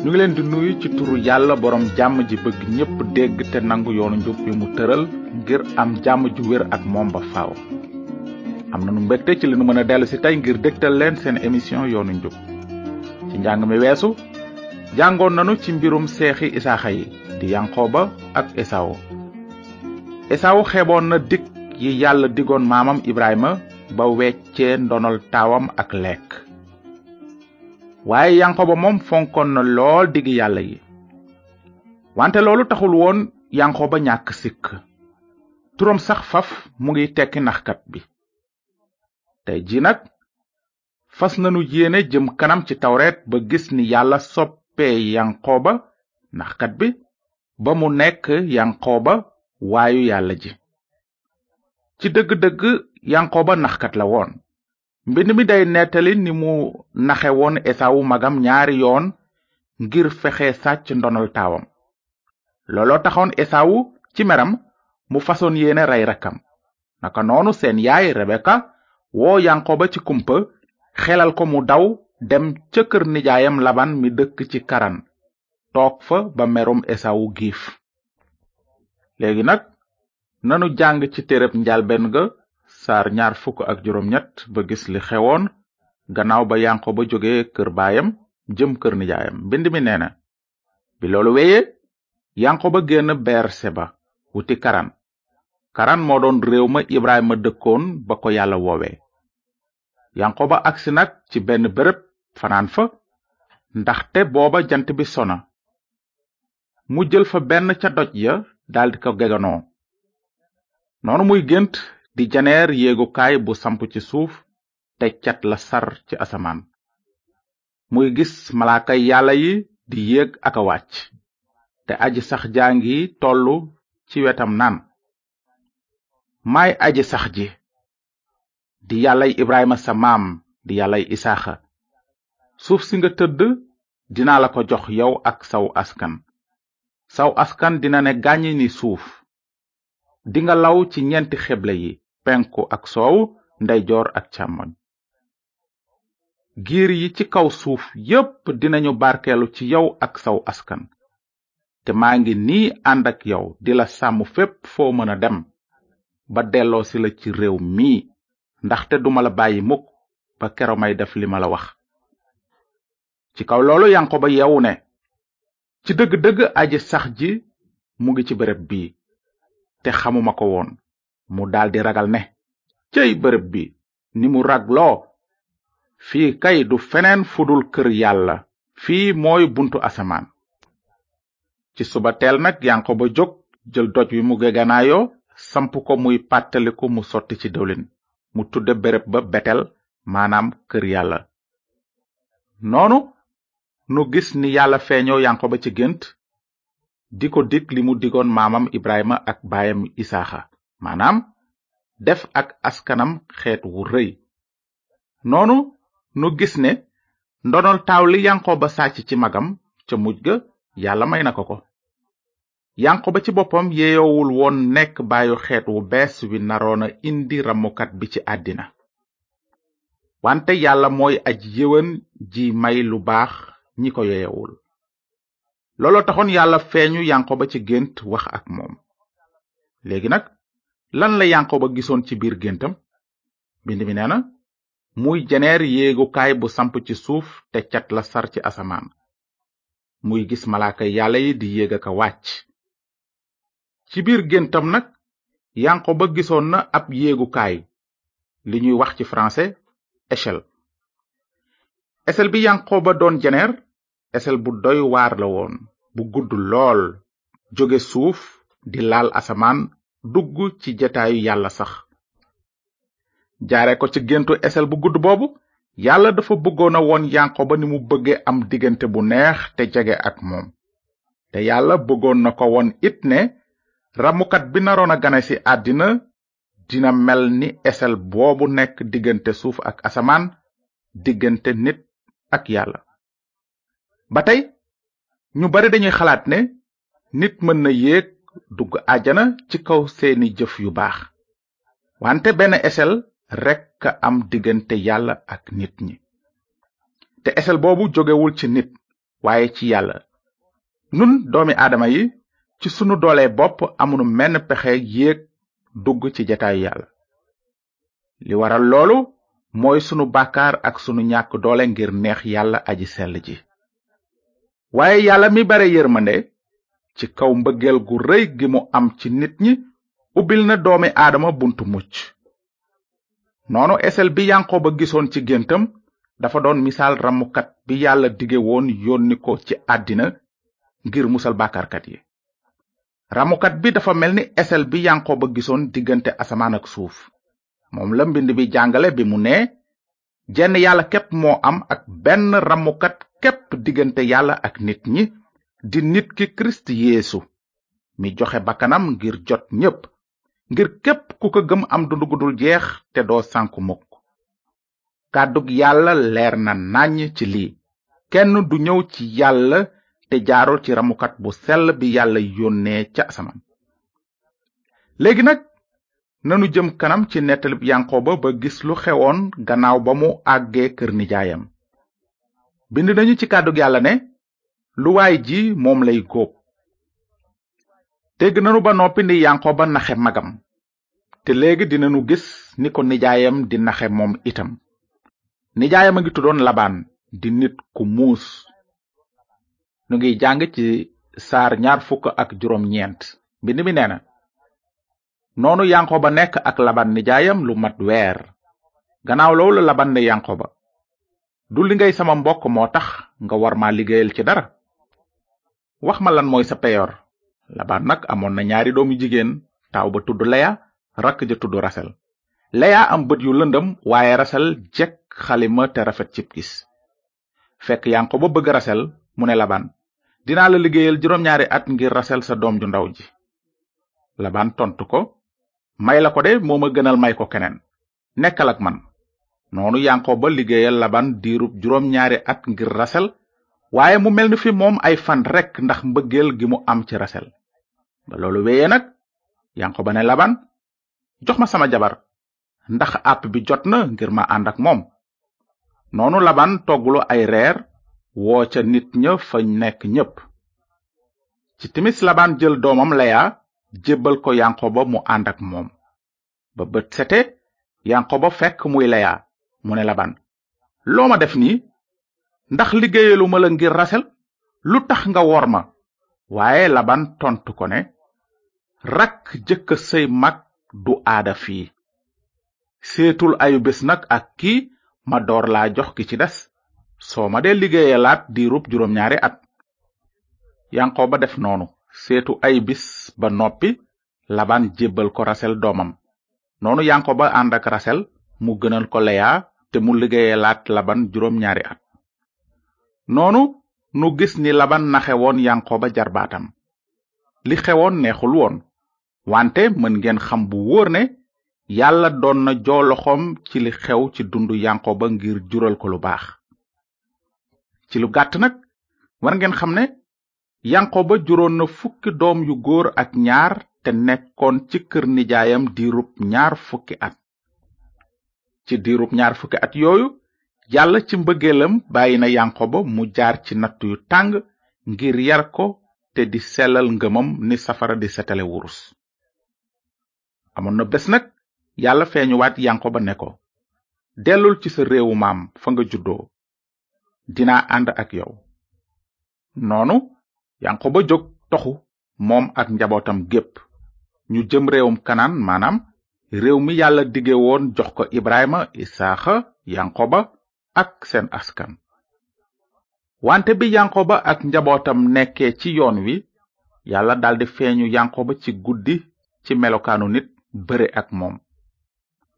ñu ngi leen di nuyu ci turu yàlla borom jàmm ji bëgg ñépp dégg te nangu yoonu njub bi mu tëral ngir am jàmm ju wér ak moom ba faaw am nanu mbégte ci li nu mën a dellu si tey ngir dégtal leen seen émission yoonu njub ci njàng mi weesu jàngoon nanu ci mbirum seexi isaaxa yi di ba ak esaawu esaawu xeboon na dikk yi yàlla digoon maamam ibrahima ba weccee ndonol taawam ak lekk waaye yanqoba moom fonkoon na lool digg yàlla yi wante loolu taxul woon yanqoba ñàkk sikk turam sax faf mu ngi tekki naxkat bi te ji nag fas nanu yéene jëm kanam ci tawreet ba gis ni yàlla soppee yanqoba naxkat bi ba mu nekk yanqoba waayu yàlla ji ci dëgg-dëgg yanqoba naxkat la woon mbind mi day nettali ni mu naxewoon woon esawu magam ñaari yoon ngir fexe sàcc ndonol taawam looloo taxoon esawu ci meram mu fasoon yéene rey rakkam naka noonu seen yaay rebeka woo yanqoba ci kumpa xelal ko mu daw dem ca kër nijaayam laban mi dëkk ci karan toog fa ba merum esawu giif léegi nag nanu jàng ci téereb njalben ga saar ñaar fukk ak juróom ñett ba gis li xewoon gannaaw ba yanqoba jóge kër baayam jëm kër nijaayam mbind mi nee na bi loolu weye yanqoba génn beerseba wuti karan karan moo doon réew ma ibrahima dëkkoon ba ko yàlla woowe yanqoba agsi nag ci benn bërëb fanaan fa ndaxte booba jant bi sona mu jël fa benn ca doj ya daldi ko geganoo noonu muy gént di janeer yéegukaay bu samp ci suuf te cat la sar ci asamaan muy gis malaaka yàlla yi di yéeg ak a wàcc te aji sax jaa ngi tollu ci wetam naan may aji sax ji di yàlla ibrahima sa maam di yàlla isaaxa suuf si nga tëdd dinaa la ko jox yow ak saw askan saw askan dina ne gàññ ni suuf dinga law ci ñenti xeble yi penku ak soow ndeyjoor ak càmmoñ giir yi ci kaw suuf yépp dinañu barkeelu ci yow ak saw askan te maa ngi nii ànd ak yow di la sàmm fépp foo mën a dem ba delloo si la ci réew mi ndaxte duma la bàyyi mukk ba kero may def li ma la wax ci kaw loolu ba yeewu ne ci dëgg-dëgg aji sax ji mu ngi ci béréb bii te xamuma ko woon mu daldi ragal ne cey bërëb bi ni mu rag loo fii kay du feneen fudul kër yàlla fii mooy buntu asamaan ci suba teel nag yankoba jóg jël doj wi mu geganaayoo samp ko muy pàttaliku mu sotti ci dëwlin mu tudde bërëb ba betel maanaam kër yàlla noonu nu gis ni yàlla feeñoo yankoba ci gént di ko dig li mu digoon maamam ibrahima ak baayam isaaxa maanaam def ak askanam xeet wu rëy noonu nu gis ne ndonol taaw li ba sàcc ci magam ca mujj ga yàlla may na ko ko ba ci boppam yeeyowul woon nekk baayu xeet wu bees wi naroona indi ramukat bi ci àddina wante yàlla mooy aj yéwén ji may lu baax ñi ko yeeyowul looloo taxoon yàlla feeñu ba ci gént wax ak moom léegi nag lan la yankoba gisoon ci biir géntam bind mi nee na muy jeneer yéegukaay bu samp ci suuf te cat la sar ci asamaan muy gis malaaka yàlla yi di yéeg ak a wàcc ci biir géntam nag ba gisoon na ab yéegukaay li ñuy wax ci français échelle échelle bi ba doon jeneer échelle bu doy waar la woon bu gudd lool jóge suuf di laal asamaan dugg ci jataayu yàlla sax jaare ko ci géntu esel bu gudd boobu yàlla dafa bëggoon a woon ba ni mu bëggee am diggante bu neex te jege ak moom te yàlla bëggoon na ko woon it ne ramukat bi naroon a gane ci àddina dina mel ni esel boobu nekk diggante suuf ak asamaan diggante nit ak yàlla ba tey ñu bari dañuy xalaat ne nit mën na yéeg dugg àjana ci kaw seeni jëf yu baax wante benn esel rekk am diggante yàlla ak nit ñi te esel boobu jógewul ci nit waaye ci yàlla nun doomi aadama yi ci sunu doole bopp amunu menn pexe yéeg dugg ci jataayu yàlla li waral loolu mooy sunu bàkkaar ak sunu ñàkk doole ngir neex yàlla aji sell ji waaye yàlla mi bare yërmande ci kaw mbëggeel gu rëy gi mu am ci nit ñi ubbil na doomi aadama bunt mucc noonu esel bi yanqooba gisoon ci géntam dafa doon misaal ramukat bi yàlla dige woon yónni ko ci àddina ngir musal bàkkaarkat yi ramukat bi dafa mel ni esel bi yanqooba gisoon diggante asamaan ak suuf moom la mbind bi jàngale bi mu nee jenn yàlla képp moo am ak benn ramukat képp diggante yàlla ak nit ñi di nit ki kirist yeesu mi joxe bakkanam ngir jot ñépp ngir képp ku ko gëm am dundu gudul jeex te doo sànku mukk kàddug yàlla leer na nàññ ci lii kenn du ñëw ci yàlla te jaarul ci ramukat bu sell bi yàlla yónnee ca asamaan léegi nag nanu jëm kanam ci nettalib yanqooba ba gis lu xewoon gannaaw ba mu àggee kër nijaayam bind nañu ci kàddug yàlla ne lu waay ji moom lay góob dégg nanu ba noppi ni yankoba naxe magam te léegi dinanu gis ni ko nijaayam di naxe moom itam nijaayam a ngi tudoon laban di nit ku muus nu ngi jàng ci saar ñaar fukk ak juróom ñeent mbind mi nee na noonu yankoba nekk ak laban nijaayam lu mat weer gannaaw loolu laban ne ba du li ngay sama mbokk moo tax nga war ma liggéeyal ci dara wax ma lan mooy sa peyor labaan nag amoon na ñaari doom yu jigéen taaw ba tudd leya rakk ja tudd rasel laya am bët yu lëndëm waaye rasel jekk xalima te rafet cib gis fekk yanqoba bëgg rasel mu ne labaan dinaa la liggéeyal juróom-ñaari at ngir rasel sa doom ju ndaw ji laban tontu ko may la ko de moo ma gënal may ko keneen nekkal ak man noonu ba liggéeyal laban diirub juróom-ñaari at ngir rasel waaye mu mel ni fi moom ay fan rekk ndax mbëggeel gi mu am ci rasel ba loolu wéyee nag ba ne laban jox ma sama jabar ndax àpp bi jot na ngir ma àndak moom noonu laban toggulu ay reer woo ca nit ña fa nekk ñépp ci timis laban jël doomam laya jëbal ko yanqoba mu ànd ak moom ba bët sete yanqoba fekk muy laya mu ne laban loo ma def nii ndax liggéeyaluma la ngir rasel lu tax nga wor ma waaye laban tontu ko ne rakk jëkka say mag du aada fii seetul ayu bés nag ak kii ma door laa jox ki ci des soo ma dee liggéeyalaat diirub juróom-ñaari at ba def noonu seetu ay bis ba noppi laban jébbal ko rasel doomam noonu ba ànd ak rasel mu gënal ko leya te mu liggéeyalaat laban juróom-ñaari at noonu nu gis ni laban naxe woon yanqooba jarbaatam li xewoon neexul woon wante mën ngeen xam bu wóor ne yàlla doon na jooloxoom ci li xew ci dundu yanqooba ngir jural ko lu baax ci lu gàtt nag war ngeen xam ne yanqooba juróon na fukki doom yu góor ak ñaar te nekkoon ci kër nijaayam diirub ñaar fukki at ci diirub ñaar fukki at yooyu yàlla ci mbëggeelam bàyyi na yanqoba mu jaar ci natt yu tàng ngir yar ko te di sellal ngëmam ni safara di setale wurus amoon na bes nag yàlla feeñuwaat yanqoba ne ko dellul ci sa réewu maam fa nga juddoo dinaa ànd ak yow noonu yanqoba jóg toxu moom ak njabootam gépp ñu jëm réewum kanaan maanaam réew mi yàlla diggee woon jox ko ibrahima isaaxa yanqoba ak seen askan wante bi ba ak njabootam nekkee ci yoon wi yàlla daldi feeñu ba ci guddi ci melokaanu nit bëre ak moom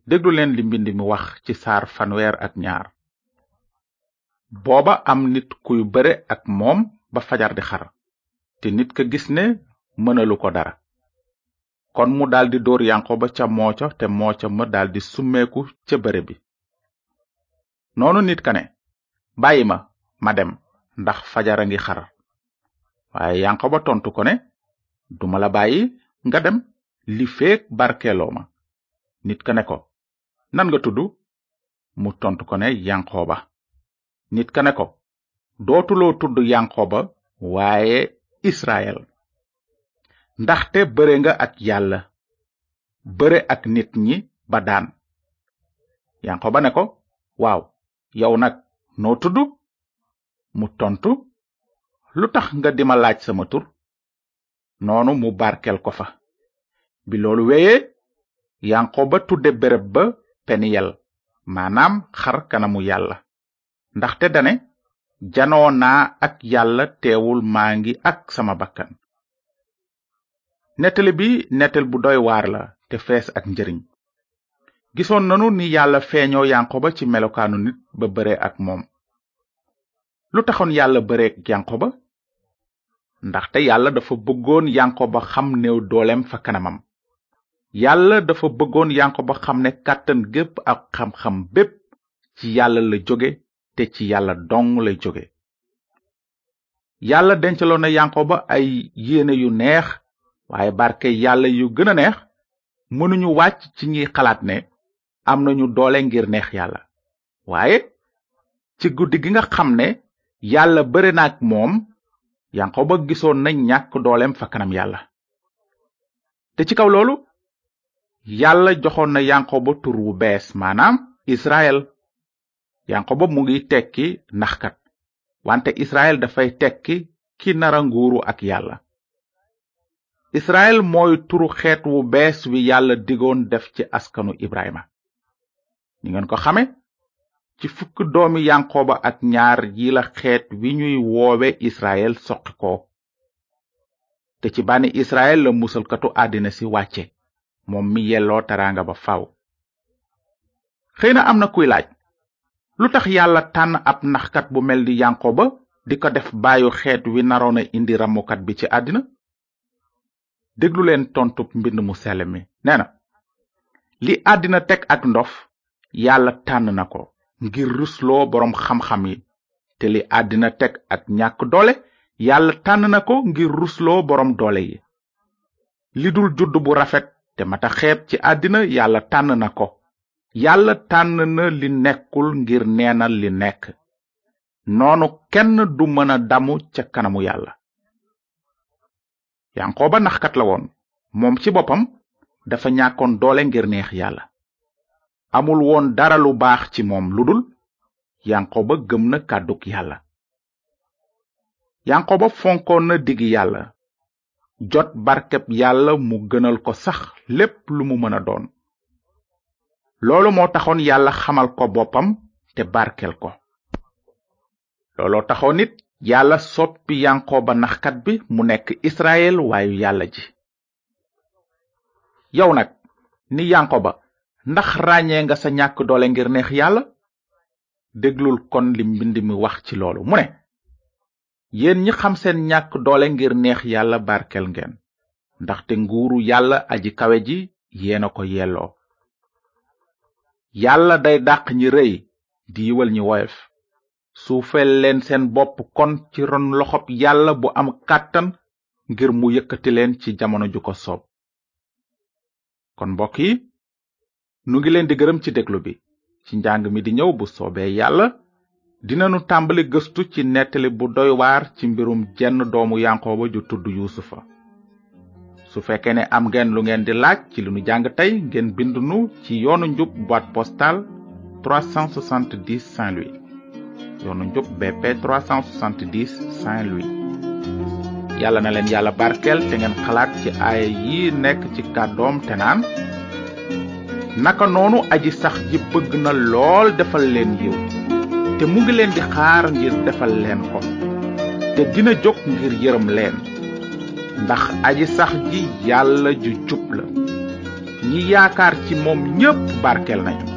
déglu leen li mbind mi wax ci saar fanweer ak ñaar booba am nit kuy bëre ak moom ba fajar di xar te nit ka gis ne mënalu ko dara kon mu daldi dóor yanqoba ca mooco te mooco ma daldi summeeku ca bëre bi noonu nit ka ne bàyyi ma ma dem ndax fajara ngi xar waaye yanqoba tontu ko ne duma la bàyyi nga dem li feek barkeeloo ma nit ka ne ko nan nga tudd mu tontu ko ne yanqoba nit ka ne ko dootuloo tudd yanqoba waaye israel ndaxte bëre nga ak yàlla bëre ak nit ñi ba daan yanqoba ne ko waaw yow nag noo tudd mu tontu lu tax nga dima laaj sama tur noonu mu barkel ko fa bi loolu weye yanqooba tudde bereb ba peniyel maanaam xar kanamu yàlla ndaxte dane janoo naa ak yàlla teewul maa ngi ak sama bakkan nettali bi nettal bu doy waar la te fees ak njariñ gisoon nanu ni yàlla feeñoo yanqoba ci melokaanu nit ba bëre ak moom lu taxoon yàlla bëreek yanqoba ndaxte yàlla dafa bëggoon yanqoba xam néew dooleem fa yàlla dafa bëggoon yanqoba xam ne kàttan gépp ak xam-xam bépp ci yàlla la jóge te ci yàlla dong lay jóge yàlla dencaloon na yanqoba ay yéene yu neex waaye barke yàlla yu gën a neex mënuñu wàcc ci ñiy xalaat ne am na ñu doole ngir neex yàlla waaye ci guddi gi nga xam ne yàlla bëre na ak moom yanqoba gisoon na ñàkk dooleem fa kanam yàlla te ci kaw loolu yàlla joxoon na yanqoba tur wu bees maanaam israel yanqoba mu ngi tekki naxkat wante israel dafay tekki ki nara nguuru ak yàlla israel mooy turu xeet wu bees wi yàlla digoon def ci askanu ibrahima ni ngeen ko xame ci fukk doomi yanqooba ak ñaar yi la xeet wi ñuy woowe israel soqi ko te ci bànni israel la musalkatu àddina si wàcce moom mi yelloo teraanga ba faw xëy na am na kuy laaj lu tax yàlla tànn ab naxkat bu mel di yanqooba di ko def baayu xeet wi naroon a indi ramukat bi ci àddina déglu leen tontub mbind mu sell mi nee na li àddina teg ak ndof yàlla tànn na ko ngir rusloo boroom xamxam yi te li àddina teg ak ñàkk doole yàlla tànn na ko ngir rusloo boroom doole yi li dul judd bu rafet te mata xeeb ci àddina yàlla tànn na ko yàlla tànn na li nekkul ngir neenal li nekk noonu kenn du mën a damu ca kanamu yàlla yanqooba naxkat la woon moom ci boppam dafa ñàkkoon doole ngir neex yàlla amul woon dara lu baax ci moom lu dul yanqoba gëm na kàddug yàlla yanqoba fonkoon na digi yàlla jot barkeb yàlla mu gënal ko sax lépp lu mu mën a doon loolu moo taxoon yàlla xamal ko boppam te barkel ko looloo taxoon nit yàlla soppi yanqoba naxkat bi mu nekk israel waayu yàlla ji yow nag ni yanqoba ndax ràññee nga sa ñàkk doole ngir neex yàlla déglul kon li mbind mi wax ci loolu mu ne yéen ñi xam seen ñàkk doole ngir neex yàlla barkel ngeen ndaxte nguuru yàlla aji kawe ji yeena ko yelloo yàlla day dàq ñi rëy di yiwal ñi woyof suufeel leen seen bopp kon ci ron loxob yàlla bu am kàttan ngir mu yëkkati leen ci jamono ju ko soob kon mbokk nu ngi leen di gërëm ci déglu bi ci njàng mi di ñëw bu soobee yàlla dinanu tàmbali gëstu ci nettali bu doy waar ci mbirum jenn doomu yanqooba ju tudd yuusufa su fekkee ne am ngeen lu ngeen di laaj ci li nu jàng tey ngeen bind nu ci yoonu njub boîte postale 370 Saint-Louis yoonu njub BP 370 Saint-Louis yàlla na leen yàlla barkeel te ngeen xalaat ci aaya yi nekk ci kàddoom te naan naka noonu aji sax ji bëgg na lool defal leen yiw te mu ngi leen di xaar ngir defal leen ko te dina jóg ngir yërëm leen ndax aji sax ji yàlla ju jub la ñi yaakaar ci moom ñépp barkeel nañu